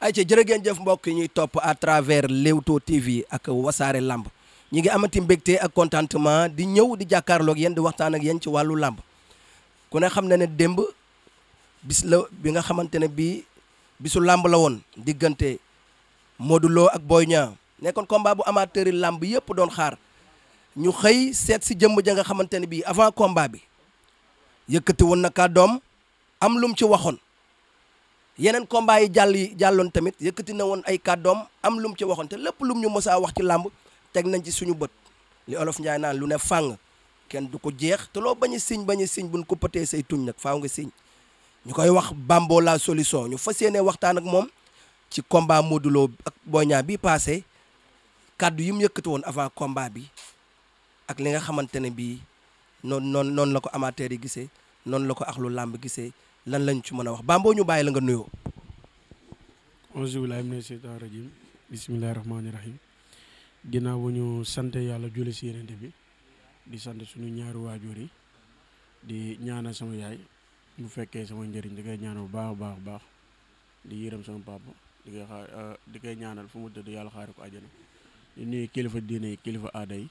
ay ca jërë ngeen jëf mbokk yi ñuy topp à travers Leewtoo TV ak wasaare lamb ñi ngi amati mbégte ak contentement di ñëw di jàkkaarloog yéen di waxtaan ak yéen ci wàllu lamb ku ne xam na ne démb bis la bi nga xamante ne bii bisu làmb la woon diggante Modou ak Boy Niang nekkoon combat bu amateur yi làmb yëpp doon xaar ñu xëy seet si jëmm ja nga xamante ne bii avant combat bi yëkkati woon na kàddoom am lum ci waxoon yeneen combat yi jàll yi jàlloon tamit yëkkati na woon ay kàddoom am lu ci waxoon te lépp lu ñu mosaa wax ci làmb teg nañ ci suñu bët li olof njaay naan lu ne fàng kenn du ko jeex te loo bañ a siñ bañ a siñ buñ ko pëtee say tuñ nag faaw nga siñ ñu koy wax Bambo la solution ñu fas yéene waxtaan ak moom ci combat mooduloo ak Boy Niang bi passé kàddu yi mu yëkkati woon avant kombaa bi ak li nga xamante ne bii noonu noon noonu la ko amateur yi gisee noonu la ko axlu làmb gisee lan lañ ci mën a wax Bambo ñu bàyyi la nga nuyoo. auzu billaahi mina seytaani rajiim bismillaahi rahmaani rahiim ginnaaw bu ñu sant yàlla julli si yenente bi di sant suñu ñaari waajur yi di ñaanal sama yaay bu fekkee sama njëriñ di koy ñaanal bu baax baax baax di yërëm sama papa di koy xaar euh, ñaanal fu mu tëdd yàlla xaari ko àjjana di nuyu kilifa diine yi kilifa aada yi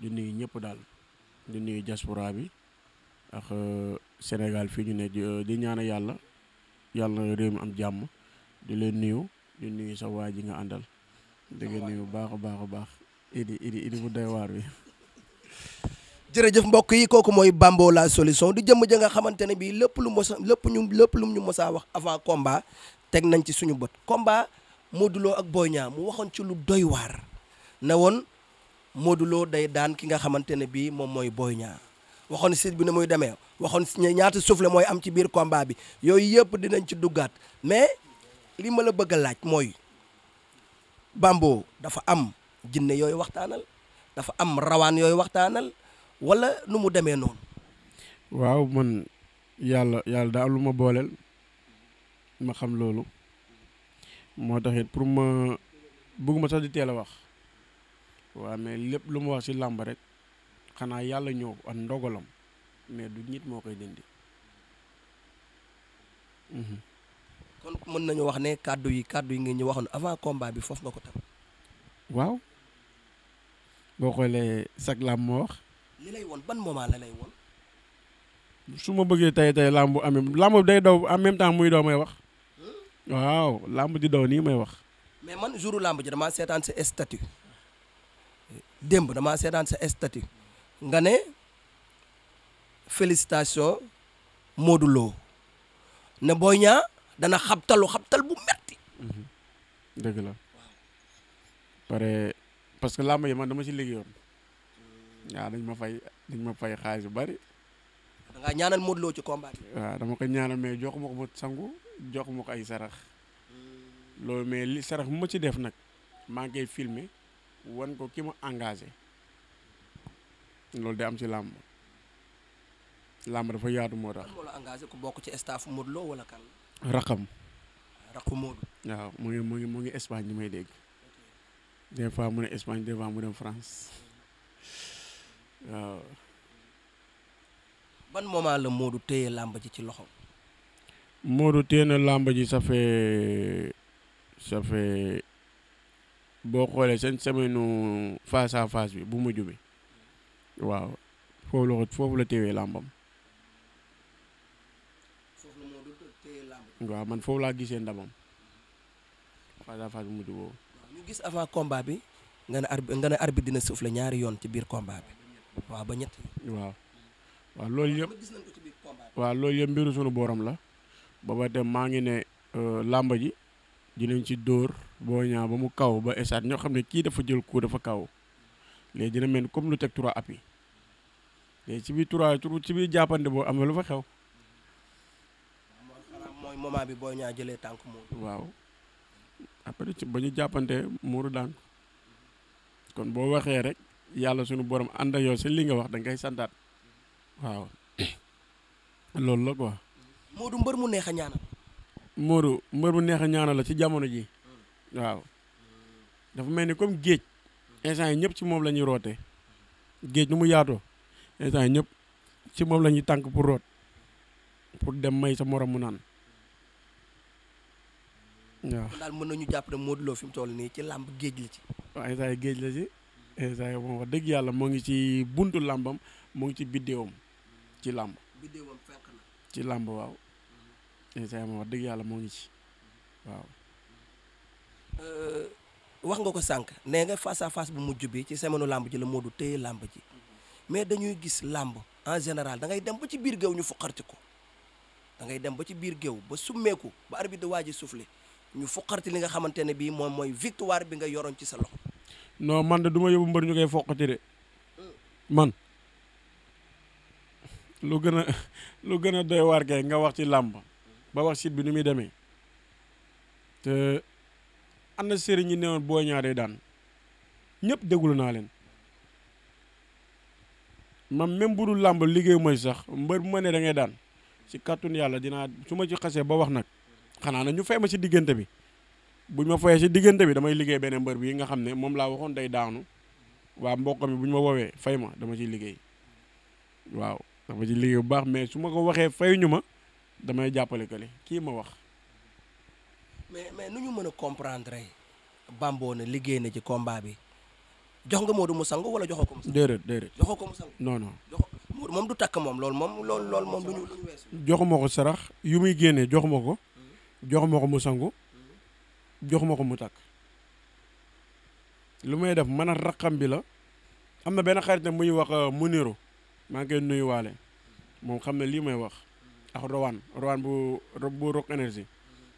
di nuyu ñëpp daal di nuyu diaspora bi ak euh, Sénégal fii ñu ne euh, di ñaana yàlla yàlla na réew mi am jàmm di leen nuyu di sa waa ji nga àndal di nga nuyu baax a baax a baax idi idi bu doy waar bi jërëjëf mbokk yi kooku mooy Bambo la solution di jëmm ja nga xamante ne bii lépp lu mos lépp lépp lu ñu mosaa wax avant combat teg nañ ci suñu bët combat Modou Lo ak Boy Niang mu waxoon ci lu doy waar na woon Modou Lo day daan ki nga xamante ne moom mooy Boy Niang waxoon sit bi ne muy demee waxoon ñaata soufflet mooy am ci biir combat bi yooyu yëpp dinañ ci duggaat mais li ma la bëgg a laaj mooy Bambo dafa am jinne yooyu waxtaanal dafa am rawaan yooyu waxtaanal walla nu mu demee noonu. waaw man yàlla yàlla daa am lu ma booleel ma xam loolu moo tax pour ma bëgguma sax di teel a wax waaw mais lépp lu ma wax si làmb rek. xanaa yàlla ñëw ak ndogalam mais du nit moo koy dindi. Mhm. kon mën nañu wax ne kàddu yi kàddu yi ngeen ñu waxoon avant combat bi foofu nga ko tam waaw boo xoolee sag làmb moo wax. li lay woon ban moment la lay woon. su ma bëggee tey tey làmb amee làmb day daw en même temps muy daw may wax. Hmm? waaw làmb di daw nii may wax. mais man jouru làmb ji damaa seetaan sa statut. démb damaa seetaan sa statut. nga ne félicitation moduloo ne Boy Niang dana xabtalu xabtal bu metti mm-hmm. dëgg la pare parce que làmb yi man dama ci liggéeyoon waaw dañ ma fay dañ ma fay xaalis bu bari da ngaa ñaanal Modou ci combat bi dama ko ñaanal mais jox ma ko ba sangu jox ma ko ay sarax loolu mais li sarax bu ma ci def nag maa ngi koy filmer wan ko ki ma engage loolu day am ci làmb làmb dafa yaatu moo tax. la engagé ku bokk ci staff wala kan. Rakam. Rakku Modou. waaw mu ngi mu ngi Espagne ñu may dégg. des fois mu ne Espagne des fois mu dem France waaw. ban moment la Modou téye làmb ji ci loxo. Modou téye na làmb ji ça fait boo xoolee seen semaine face à bi bu mujj bi waaw foofu la foofu la téewee làmbam. foofu waaw man foofu laa gisee ndamam face à face bu mujj boobu. bi nga ne arbi ñaari yoon ci biir combat waaw ba ñett. waaw waaw loolu yëpp waaw loolu yëpp mbiru sunu booram la ba ba maa ngi ne euh, làmb ji dinañ ci dóor boo ñaa ba mu kaw ba esaat ñoo xam ne kii dafa jël coup dafa kaw léegi dina mel comme lu teg trois appuis mais ci biir tournoi ci biir jàppande boo am na lu fa xew. mooy boo ñaa jëlee tànk Modou. waaw après ba ñu jàppante Modou daan kon boo waxee rek yàlla sunu borom ànd ak yow si li nga wax da ngay santaat waaw loolu la quoi. Modou mbër mu neex a ñaanal. Modou mbër mu neex a ñaanal la ci jamono ji. waaw dafa mel ni comme géej. instant yi ñëpp ci moom la ñuy roote. géej nu mu yaatoo instant ñëpp ci moom la ñuy tànk pour root pour dem may sa morom mu naan waaw. daal mën nañu jàpp ne Modou Lo fi mu toll nii ci làmb géej la ci. waaw instant géej la ci instant moom wax dëgg yàlla moo ngi ci buntu làmbam moo ngi ci biddéewam ci làmb. biddéewam fekk ci làmb waaw. instant yii moom wax yàlla moo ngi ci waaw. Euh, wax nga ko sànq nee nga face à face bu mujj bi ci semaine làmb ji la Modou téye làmb ji. mais dañuy gis làmb en général dangay dem ba ci biir géew ñu fuqarti ko da ngay dem ba ci biir géew ba summeeku ba arbitre waaj a soufflé ñu fuqarti li nga xamante ne bii moom mooy victoire bi nga yoroon ci sa loxo. non man de du ma yóbbu mbër ñu koy foqati de man lu gën a lu gën a doy waar kay nga wax ci làmb ba wax sit bi ni muy demee te am na sëriñ ñi newoon boo ñaaree daan ñëpp déglu naa leen. man même bu dul làmb liggéey mooy sax mbër bu ma ne da ngay daan si kàttun yàlla dinaa su ma ci xasee ba wax nag xanaa na ñu fay ma si diggante bi buñ ma fayee si diggante bi damay liggéey beneen mbër bi nga xam ne moom laa waxoon day daanu waa mbokk mi bu ñu ma woowee fay ma dama ciy liggéey waaw dama ciy liggéey bu baax mais su ma ko waxee fayuñu ma damay jàppale kële kii ma wax. mais mais nu ñu mën a comprendre Bambo ne liggéey na ci combat bi. jox nga Modou mu sangu wala joxoo ko mu sangu. déedéet déedéet joxoo ko mu sangu. non non jox moom du takk moom loolu moom loolu loolu moom du ñu joxuma ko sarax yu muy génnee joxuma ko. joxuma ko mu sangu. joxuma ko mu takk. lu may def mën a raqam bi la. am na benn xarit nag mu ñuy wax euh, Muniru maa ngi koy nuyuwaale moom xam ne lii may wax ak Rowan Rowan bu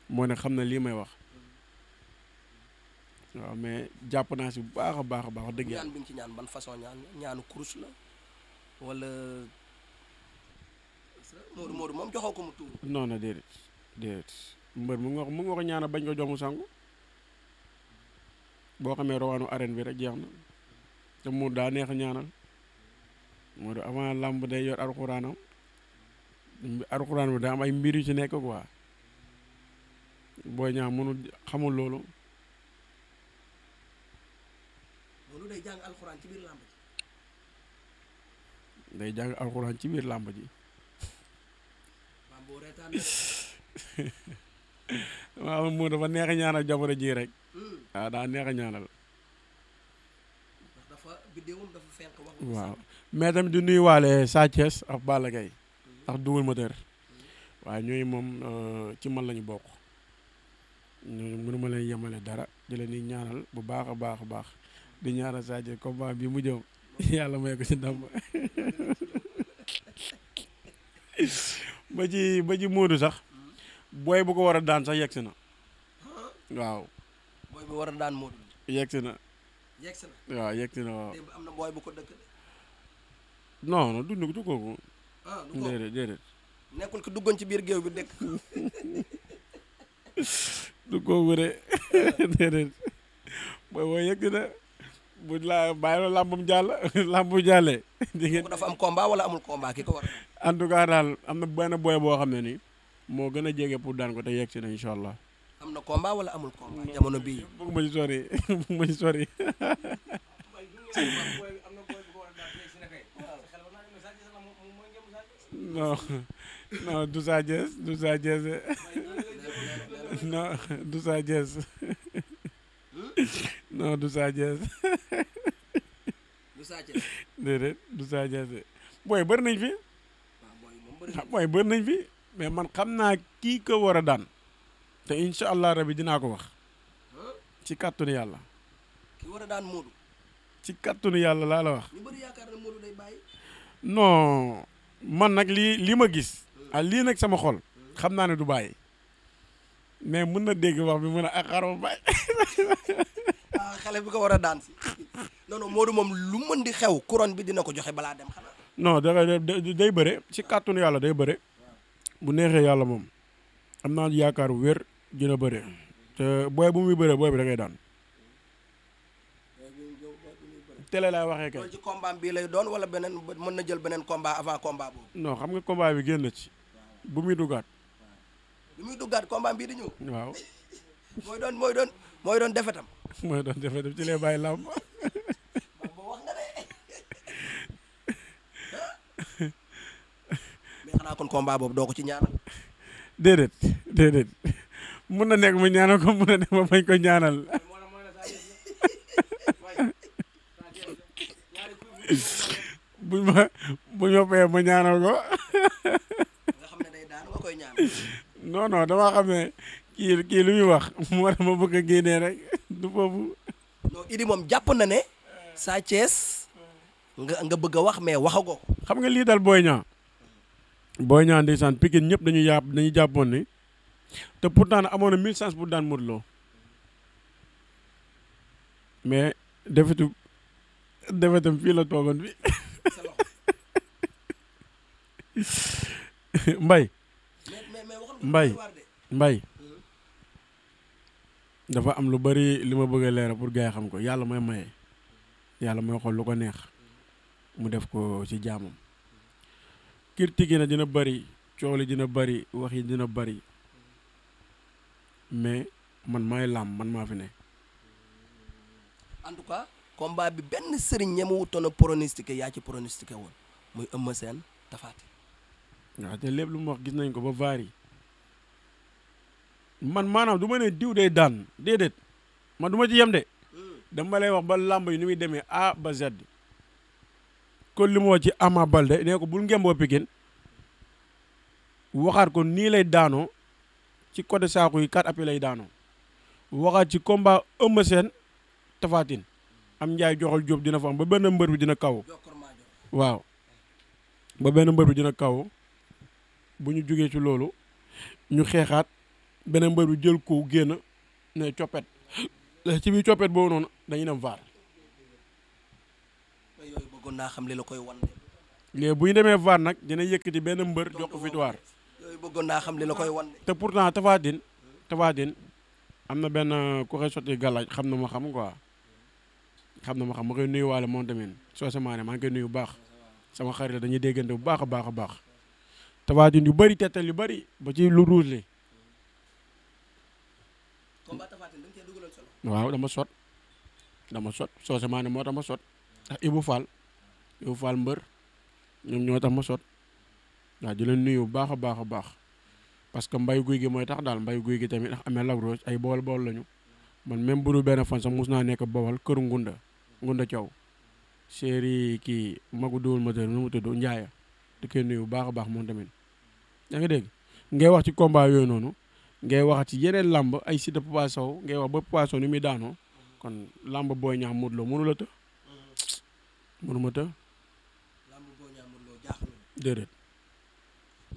moo ne xam ne lii may wax waaw mais jàpp naa si bu baax a baax a baax dëgg ñaan bi nga ci ñaan ban façon ñaan ñaanu kurus la wala Modou Modou moom joxoo ko mu tuur non déedéet mbër mu nga mu nga ko ñaana bañ ko jox mu sangu boo xamee rawaanu arène bi rek jeex na te Modou daa neex a ñaanal Modou avant làmb day yor alxuraanam alxuraan bi daa am ay mbir yu ci nekk quoi booy ñaa mënul xamul loolu ko lu day jàng alxuraan ci biir làmb ji. day jàng waaw mu dafa neex a ñaanal jamono jii rek. waaw hmm. ah, daa neex a ñaanal. dafa biddewam dafa waaw mais tamit di nuyuwaale Sa Thiès ak Balla Gaye ak Double Moteur. Hmm. waaw ñooyu moom euh, ci man lañu bokk. ñooñu mënuma leen yemale dara di leen ñaanal bu baax a baax a baax. di ñaara Sadio combat bi mu jëm yàlla may ko ci ndam ba ci ba ci Modou sax booy bu ko war a daan sax yegg si na waaw. booy bu war si na. waaw yegg si bu ko dëkk. Ah, nekkul ki duggoon ci biir géew bi dëkk. du kooku de déedéet booy booy yegg si na. bu la bàyyiloo làmbum jàll làmbu jàllee. di ngeen dafa am combat wala amul combat ki ko war. en tout cas daal na benn boy boo xam ne ni moo gën a jege pour daan ko te yegg si na incha allah. am na combat wala amul combat jamono bii. bëgg ma ma ci sori. non non du non du Sa Thiès. du Sa Thiès. déedéet du Sa bëri nañ fi. waaw bëri ah, nañ fi. mais man xam naa kii ko war a daan. te incha allah rabi dinaa ko wax. ci kàttanu yàlla. ki war a daan Modou. ci kàttanu laa la wax. yaakaar na Modou day non man nag lii li ma gis. ah lii nag sama xol. Hmm. xam naa ne du bàyyi. mais mën na dégg wax bi mën a ak xaruma bàyyi. xale bi ko war a daan si non non moom lu mën di xew couronne bi dina ko joxe balaa dem xanaa. non da day bëre si kàttanu yàlla day bëre bu neexee yàlla moom am naa yaakaar wér dina bëre te booy bu muy bëre booy bi da ngay daan. télé laay waxee kay. ci combat bii lay doon wala beneen mën na jël beneen combat avant combat boobu. non xam nga combat bi génn ci. bu muy duggaat. bu muy duggaat combat bii di waaw. doon mooy doon mooy doon defetam. mooy doon jafe daf ci lay bàyyi làmb mais xanaa kon doo ko ci ñaanal déedéet déedéet mun na nekk mu ñaanal ko mun na nekk ma bañ ko ñaanal buñ ma buñ ma fayee ma ñaanal ko nga koy ñaanal dama xam kii kii lu muy wax moo tax ma bëgg a génnee rek du boobu. non moom jàpp na ne. Sa Thiès nga nga bëgg a wax mais waxagoo. xam nga lii dal booy Boy booy Boy Niang ndeysaan Pikine ñëpp dañuy yàpp dañuy jàppoon ni te pourtant amoon na mille chance pour daan Modou Lo mais defetu defetam fii la toogoon fi Mbay Mbay Mbay dafa am lu bari li ma bëgg a pour gars yi xam ko yàlla mooy maye yàlla mooy xool lu ko neex mu def ko ci jaamam critique yi na dina bari coow dina bari wax yi dina bari mais man maay laam man maa fi ne. en tout cas combat bi benn sëriñ ñemewutoon a pronostiqué yaa ci pronostiqué woon muy Eumeu Sène Tapha Tine. waaw te lépp lu mu wax gis nañ ko ba vaar man maanaam du ma ne diw day daan déedéet man du ma ci yem de dama lay wax ba làmb yi ni muy demee A ba Z. kon li mu wax ci Ama Balde nee ko bul ngemboo Pikine waxaat ko nii lay daanoo ci côté saako yi quatre appuis lay daanoo waxaat ci combat Eumeu Sène Tapha am njaay joxal jóob dina fa ba benn mbër bi dina kaw waaw ba benn mbër dina kaw bu ñu jógee ci loolu ñu xeexaat beneen mbër bi jël ko génn ne coppet ci biir coppet boobu noonu dañu dem vaar. yooyu bëggoon xam li la koy wan. léegi bu ñu demee vaar nag dina yëkkati benn mbër jox ko victoire. yooyu bëggoon naa xam li koy wan. te pourtant Tapha Tine Tapha Tine am na benn ku xëy sotti gàllaaj xam na ma xam quoi xam na ma xam ma koy nuyuwaale moom tamit soo sama maa ngi koy nuyu bu baax sama xarit la dañuy déggante bu baax a baax a baax Tapha Tine yu bëri tettal yu bari ba ci lu ruus li waaw dama sot dama sot soo maa ne moo tax ma sot ndax ah, Ibou Fall Ibou Fall mbër ñoom ñoo tax ma sot waaw di leen nuyu bu baax a baax a baax parce que mbay guy gi mooy tax daal mbay guy gi tamit ndax amee Lac ay bool bool lañu man même bu dul benn fan sax mus naa nekk bool këru ngunda ngunda Thiaw séeri kii magu duwul ma nu mu tudd Ndiaye di koy nuyu bu baax a baax moom tamit yaa ngi dégg ngay wax ci combat yooyu noonu. ngay wax ci yeneen làmb ay Siteu Papa Sow ngay wax ba Papa Sow ni muy daanoo kon làmb Boy Niang Modou Lo mënu la të mënu të làmb Boy Niang Modou Lo déedéet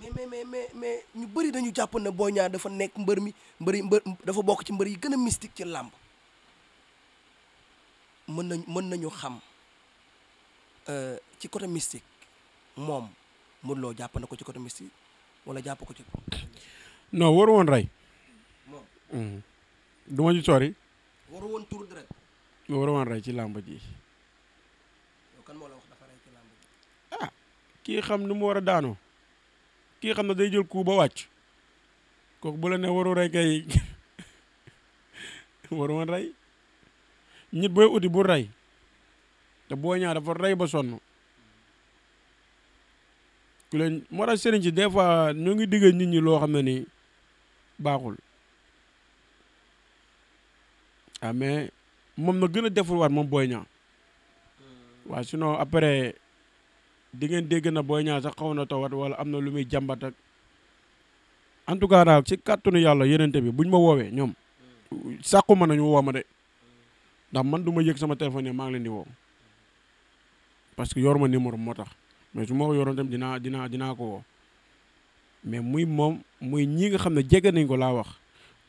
mais mais mais mais ñu bëri dañu jàpp ne Boy Niang dafa nekk mbër mi mbëri mbër dafa bokk ci mbër yi gën a mystique ci làmb mën nañ mën nañu xam euh, ci côté mystique moom Modou Lo jàpp na ko ci côté mystique wala jàpp ko ci non waru woon rey. moom. Mm-hmm. du ma ci sori. waru woon tur deret. waru woon rey ci làmb ji. kan moo ah, kii xam nu mu war a daanoo. kii xam ne day jël coup ba wàcc. kooku bu la ne waru rey kay waru woon rey. nit booy uti bu rey. te boo ñaa dafa rey ba sonn. ku leen moo tax sëriñ si des fois ñoo ngi digg nit ñi loo xam ne nii. baaxul a ah, mais moom na gën a deful waat moom Boy waa waaw sinon après di ngeen dégg na booy Niang sax xaw na tawat wala am na lu muy jàmbat ak en tout cas si ci kàttanu yàlla yenente bi buñ ma woowee ñoom sàqu ma nañu woo ma de ndax man du ma yëg sama téléphone yi maa ngi leen di woo parce que yoor ma numéro moo tax mais su ma ko yoroon tamit dinaa dinaa dinaa ko woo mais muy moom muy ñi nga xam ne jege nañ ko laa wax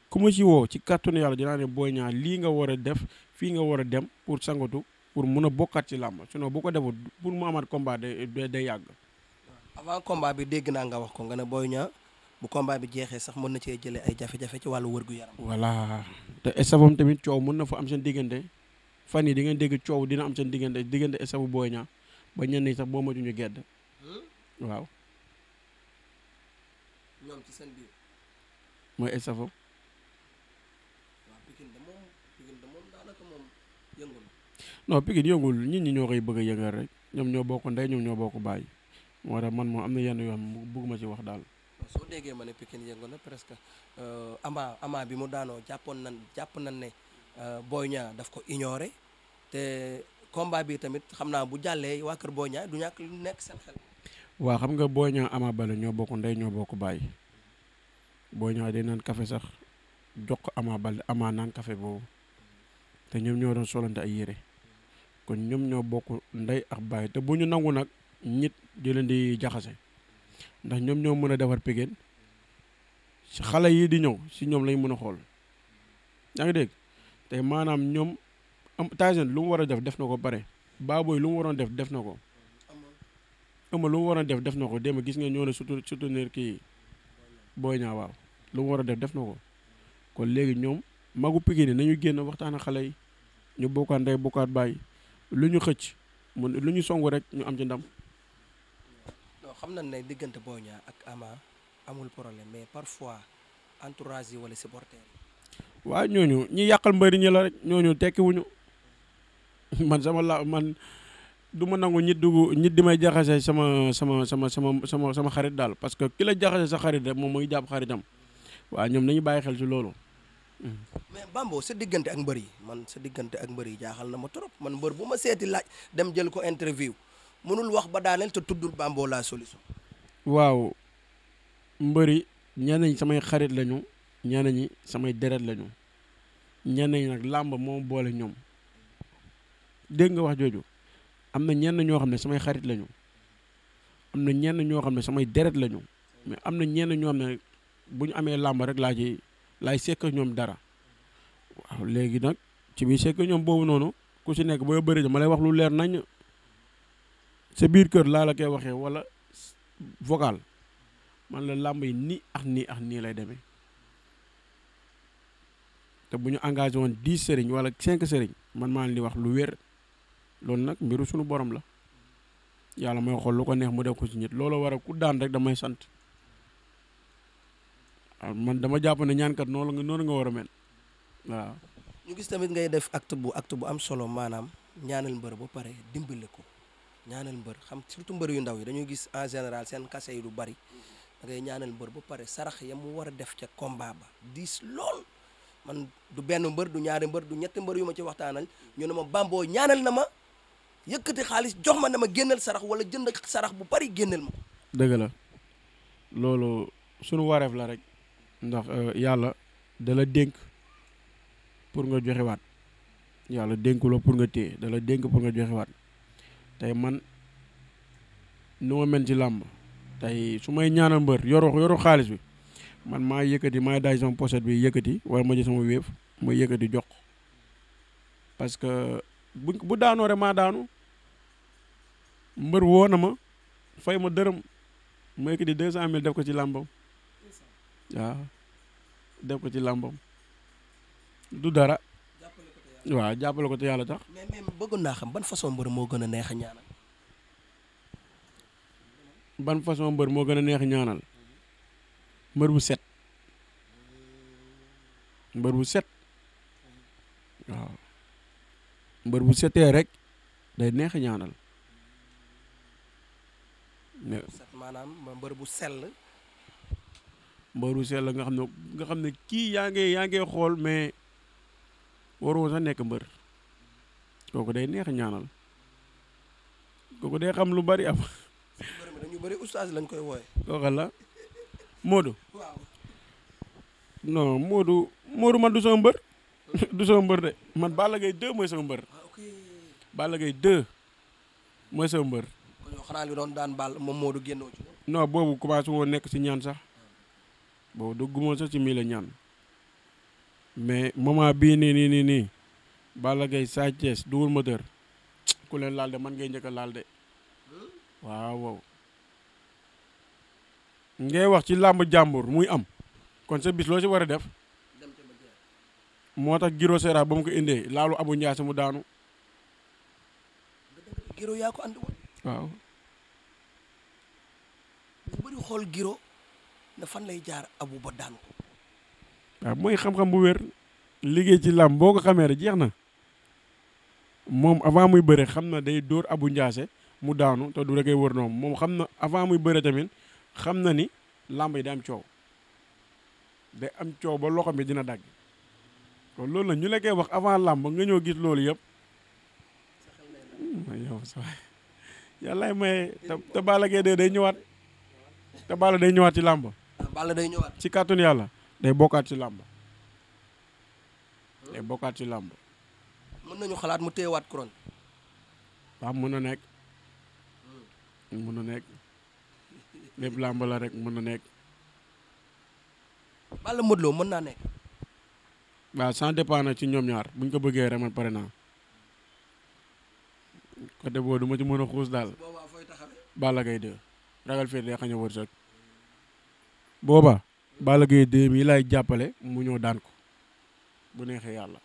ku ma ci woo ci kàttanu yàlla dinaa ne Boy Niang lii nga war a def fii nga war a dem pour sangatu pour mun a bokkaat ci làmb sinon bu ko deful pour mu amaat yàgg. avant combat bi dégg naa nga wax ko nga ne Boy Niang bu combat bi jeexee sax mën na cee jëlee ay jafe-jafe ci wàllu wërgu yaram. voilà te estafam tamit coow mën na fa am seen diggante fan yi di ngeen dégg coow dina am seen diggante diggante estafu Boy Niang ba ñenn ñi sax boo moytuñu gedd hmm? waaw. ñoom ci seen biir. mooy ay safo. waaw Pikine de moom Pikine de moom daanaka moom yëngul. non Pikine yëngul nit ñi ñoo koy bëgg yëngal rek ñoom ñoo bokk ndey ñoom ñoo bokk bàyyi moo tax man moom am na yenn yoo xam ne ci wax daal. soo déggee ma ne Pikine yëngu na presque euh, ama ama bi mu daanoo jàppoon nan jàpp nan ne euh, Boy Niang daf ko ignoré te combat tamit xam naa bu jàllee waa kër Boy Niang du ñàkk lu nekk seen xel. xam nga Boy Niang amaa Baldé ñoo bokk ndey ñoo bokk bàyyi. boo ñëwaat day naan kafe sax jox ko Ama Baldé naan kafe boobu te ñoom ñoo doon solante ay yére kon ñoom ñoo bokk ndey ak baay te bu ñu nangu nag ñit di leen di jaxase ndax ñoom ñoo mën a defar Pikine si xale yi di ñëw si ñoom lañ mën a xool yaa ngi dégg te maanaam ñoom am Tyson lu mu war a def def na ko pare booy lu mu waroon def def na ko ama lu mu waroon def def na ko démb gis nga ñoo ne surtout surtout kii Boy Niang waaw lu mu war a def def na ko kon léegi ñoom magu Pikine nañu génn waxtaan ak xale yi ñu bokkaat ndey bokkaat bàyyi lu ñu xëcc mu lu ñu song rek ñu am ci ndam. non xam nañ ne diggante Boy Niang ak Ama amul problème mais parfois entourage yi wala supporter yi. waaw ñooñu ñi yàqal mbëri ñi la rek ñooñu tekkiwuñu man sama la man du ma nangu ñit dugg ñit di may jaxase sama sama sama sama sama sama xarit daal parce que ki la jaxase sa xarit rek moom mooy jàpp xaritam. waaw ñoom nañu bàyyi xel ci loolu. Hmm. mais Bambo sa diggante ak mbër yi man sa diggante ak mbër yi jaaxal na ma trop man mbër bu ma seeti laaj dem jël ko interview mënul wax ba daaneel te tuddul Bambo laa solution. waaw mbëri ñenn ñi samay xarit lañu ñenn ñi samay deret lañu ñenn ñi nag làmb moom boole ñoom dégg nga wax jooju am na ñenn ñoo xam ne samay xarit lañu am na ñenn ñoo xam ne samay deret lañu ñoo xam ne. bu ñu amee làmb rek laa ci laay sekk ñoom dara waaw léegi nag ci biir sekk ñoom boobu noonu ku si nekk booy bëri ma lay wax lu leer nañ sa biir kër laa la koy waxee wala vocal man la làmb yi nii ak nii ak nii lay deme te bu ñu engagé woon dix sëriñ wala cinq sëriñ man maa ni di wax lu wér loolu nag mbiru suñu borom la yàlla mooy xool lu ko neex mu def ko si nit loolu wara ku daan rek damay sant. waaw ah, man dama jàpp ne ñaankat noonu nga noonu nga war a mel waaw. ñu gis tamit ngay def acte bu acte bu am solo maanaam ñaanal mbër ba paree dimbali ko ñaanal mbër xam surtout mbër yu ndaw yi dañuy gis en général seen kase yi du bari da ngay ñaanal mbër ba pare sarax ya mu war a def ca combat ba diis lool man du benn mbër du ñaari mbër du ñetti mbër yu ma ci waxtaanal ñu ne ma bamboo ñaanal na ma yëkkati xaalis jox ma ne ma génnal sarax wala jënd sarax bu bari génnal ma. dëgg sunu wareef ndax euh, yàlla dala dénk pour nga joxewaat yàlla dénku la pour nga téye dala dénk pour nga joxewaat tey man nu ma mel ci làmb tey su may ñaanal mbër yoru yoru xaalis bi man maa yëkkati maa daaj sama pochette bi yëkkati wala ma jël sama wéef ma yëkkati jox parce que bu bu daanoo maa daanu mbër woo na ma fay ma dërëm ma yëkkati deux cent mille def ko ci làmbam waaw def ko ci làmbam du dara. waaw jàppale ko te yàlla tax. mais mais naa xam ban façon mbër moo gën a neex a ñaanal. ban façon mbër moo gën a neex ñaanal mbër bu set mbër bu set waaw mbër bu setee rek day neex ñaanal. set maanaam mbër bu sell. mbëru sell la nga xam ne nga xam ne kii yaa ngi yaa ngi xool mais waroo sax nekk mbër kooku day neex ñaanal kooku day xam lu bari am. ñu bari oustaz lañ koy wooye. la Modou. waaw non Modou man du sama mbër. du sama mbër de man Balla Gaye 2 mooy sama mbër. Ah, Balla Gaye 2 mooy sama mbër. kon xanaa li doon daan Balla moom Modou génnoo ci. boobu commencé woo nekk si ñaan sax. boobu dugguma sax ci mille ñaan mais moment bii nii nii nii nii Balla Gaye Sa Thiès Double ku leen laal de man ngay njëkk a laal de waaw waaw ngay wax ci làmb jàmbur muy am kon sa bis loo si war a def moo tax giro sera ba mu ko indee laalu abu njaay sa mu daanu giro yaa ko waaw na fan lay jaar abu ba daan mooy xam-xam bu wér liggéey ci làmb boo ko xamee rek jeex na moom avant muy bëre xam na day dóor abu njaase mu daanu te du da koy wër noonu moom xam na avant muy bëre tamit xam na ni làmb yi day am coow day am coow ba loxo bi dina dagg kon loolu la ñu la koy wax avant làmb nga ñëw gis loolu yëpp hmm, yow sa yàllaay maye te Balla Gaye dee day ñëwaat te Balla day ñëwaat ci làmb Balla day ñëwaat. ci kàttanu yàlla day bokkaat ci làmb day bokkaat ci làmb mën nañu xalaat mu téyewaat couronne. waaw mën na nekk mën na nekk lépp làmb la rek mën na nekk. Balla mut loo mën naa nekk. waaw ça dépend na ci ñoom ñaar buñ ko bëggee rek man pare naa côté boobu du ma ci mën a xuus daal. Balla Gaye 2 ragal fii day xañ a wërsëg booba Balla Gaye 2 mi lay jàppale mu ñëw daan ko bu neexee yàlla.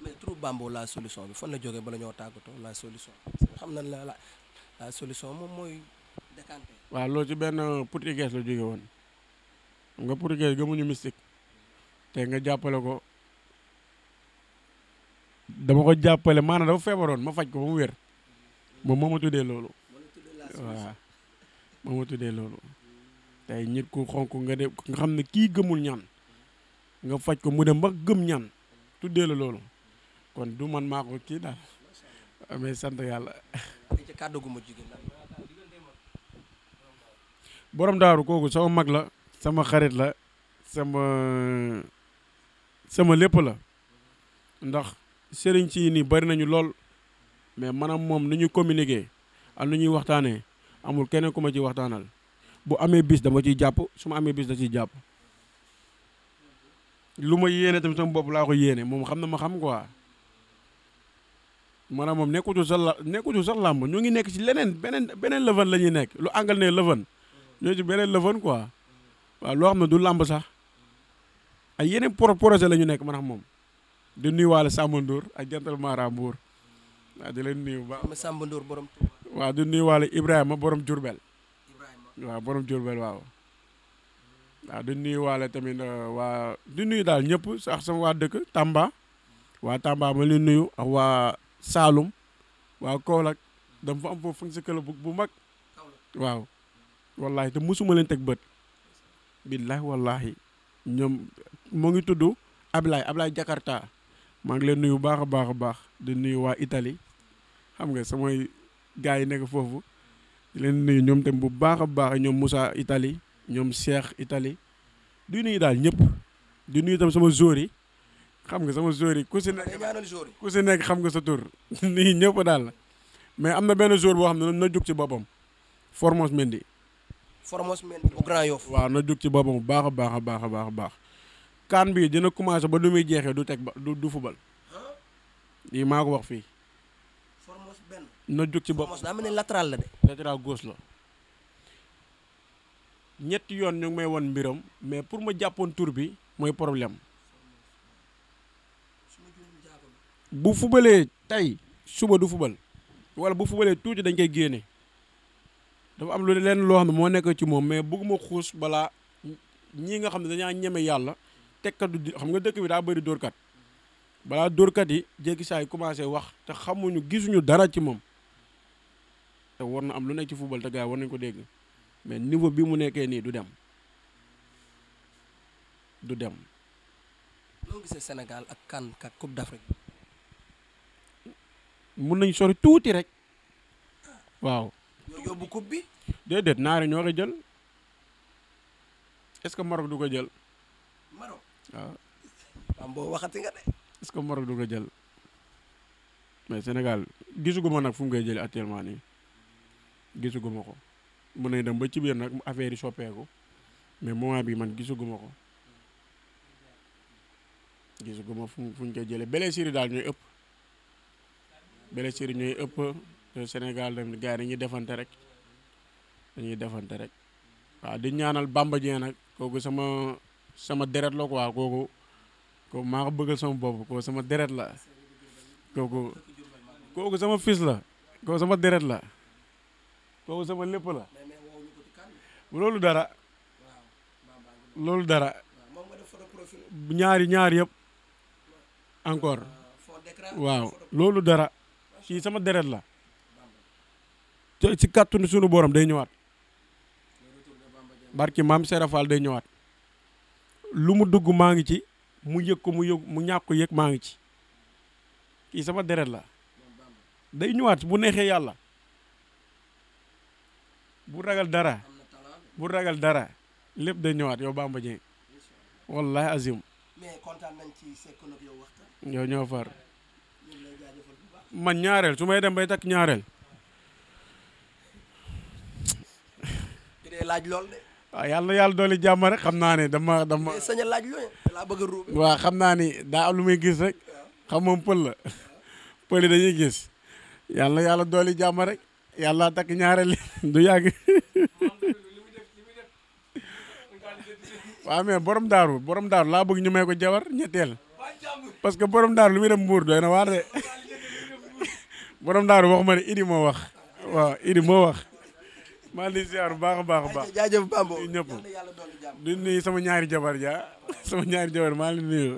mais trop bambo la solution bi fan la jógee bala ñoo tàggatoo la solution xam na la la solution moom mooy décanté. waaw loolu ci benn portugais la jóge woon xam nga portugais gëmuñu mystique te nga jàppale ko dama ko jàppale maanaam dafa feebaroon ma faj ko ba mu wér moom moo ma tuddee loolu. waaw moo ma tuddee loolu. tey nit ku xonk nga de nga xam ne kii gëmul ñaan nga faj ko mu dem ba gëm ñaan tuddee la loolu kon du man maa ko kii daal mais sant yàlla. ci kàddu gu daaru kooku sama mag la sama xarit la sama sama lépp la ndax sëriñ si nii bari nañu lool mais maanaam moom nu ñuy communiquer ak nu ñuy waxtaanee amul keneen ku ma ci waxtaanal. bu amee bis dama ciy jàpp su ma amee bis da ciy jàpp lu ma yéene tamit sama bopp laa ko yéene moom xam na ma xam quoi maanaam moom nekkutu sax la nekkutu sax làmb ñoo ngi nekk ci leneen beneen beneen lëfën la ñuy nekk lu àngal ne lëfën ñoo ci beneen lëfën quoi loo xam ne du làmb sax ay yeneen pro projet la nekk maanaam moom du nuyuwaale Samba Ndour ak jantal Mara Mbour waaw di leen nuyu bu baax. Samba Ndour borom. waaw di Ibrahima borom Diourbel. waaw borom Diourbel waaw waaw di nuyu waale tamit euh, waa di nuyu daal ñëpp sax sama waa dëkk Tamba waa Tamba ma leen nuyu ak waa Saalum waa Kaolack dama fa am foofu fan si club bu mag waaw wallahi te musuma leen teg bët billahi wallahi ñoom mu ngi tudd Ablaye Ablaye Jakarta maa ngi leen nuyu baax a baax a baax di nuyu waa itali xam nga samay gars yi nekk foofu di leen nuyu ñoom tam bu baax a baax ñoom musa itali ñoom Cheikh itali du nuyu daal ñëpp di nuyu tam sama joueur yi xam nga sama joueur yi ku si nekk ku si nekk xam nga sa tur nii ñëpp daal la mais am na benn joueur boo xam ne na jug ci boppam Formose Mendy. Formose Mendy bu Grand waaw na jug ci boppam bu baax a baax a baax a baax a baax kaan bii dina commencé ba du muy jeexee du teg ba du du fubal lii maa ko wax fii. na jóg ci bopp Ramos daa mel ne latéral la de. latéral ñetti yoon ñu ngi may won mbiram mais pour ma jàppoon tour bi mooy problème bu fubalee tey suba du fubal wala bu fubalee tuuti dañ koy génne dafa am lu leen loo xam ne moo nekk ci moom mais bëgguma xuus balaa ñii nga xam ne dañaa ñeme yàlla tekkat du xam nga dëkk bi daa bëri dóorkat balaa dóorkat yi jékki saay yi commencé wax te xamuñu gisuñu dara ci moom. te war na am lu nekk ci football te gars war nañu ko dégg mais niveau bi mu nekkee nii du dem du dem. loo ak CAN ak Coupe d'Afrique. mun nañ sori tuuti rek waaw. yóbbu coupe bi. ñoo ko jël est-ce que Maroc du ko jël. Maroc waaw. am boo que Maroc du jël mais Sénégal gisuguma nag fu mu koy jëlee actuellement nii. gisuguma ko mën nañ dem ba ci biir nag affaire yi soppeeku mais moment bi man gisuguma ko gisuguma fu fu ñu koy jëlee blessure yi daal ñooy ëpp blessure yi ñooy ëpp te Sénégal defante rek dañuy defante rek waaw di ñaanal Bamba nag kooku sama sama deret la quoi kooku kooku maa ko bëggal sama bopp kooku sama deret la kooku kooku sama fis la kooku sama deret la kooku sama lépp la loolu dara loolu dara ñaari ñaar yëpp encore waaw loolu dara ah, kii sama deret la te ci kàttanu sunu borom day ñëwaat barki maam Serafal day ñëwaat lu mu dugg maa ngi ci mu yëg ko mu yëg mu ñàkk ko yëg maa ngi ci kii sama deret la day ñëwaat bu neexee yàlla bu ragal dara bu ragal dara lépp day ñëwaat yow Bamba Dieng wallahi azim mais kontaan nañ ci yow ñoo far man ñaareel su may dem bay takk ñaareel laaj lool de ah, yàlla na yàlla dooli jàmm rek xam naa ne dama dama sañ a laaj naa ni daa am lu muy gis rek xam moom pël la yi dañuy gis yàlla na yàlla dooli jàmm rek yàlla takk ñaareel du yàgg waaw mais borom daaru borom daaru laa bëgg ñu may ko jabar ñetteel parce que borom daaru lu muy dem mbuur doy na waar de borom daaru wax ma ne Idi moo wax waaw Idi moo wax maa ngi ziar bu baax baax baax jaajëf ñëpp di nuyu sama ñaari jabar ja sama ñaari jabar maa ngi nuyu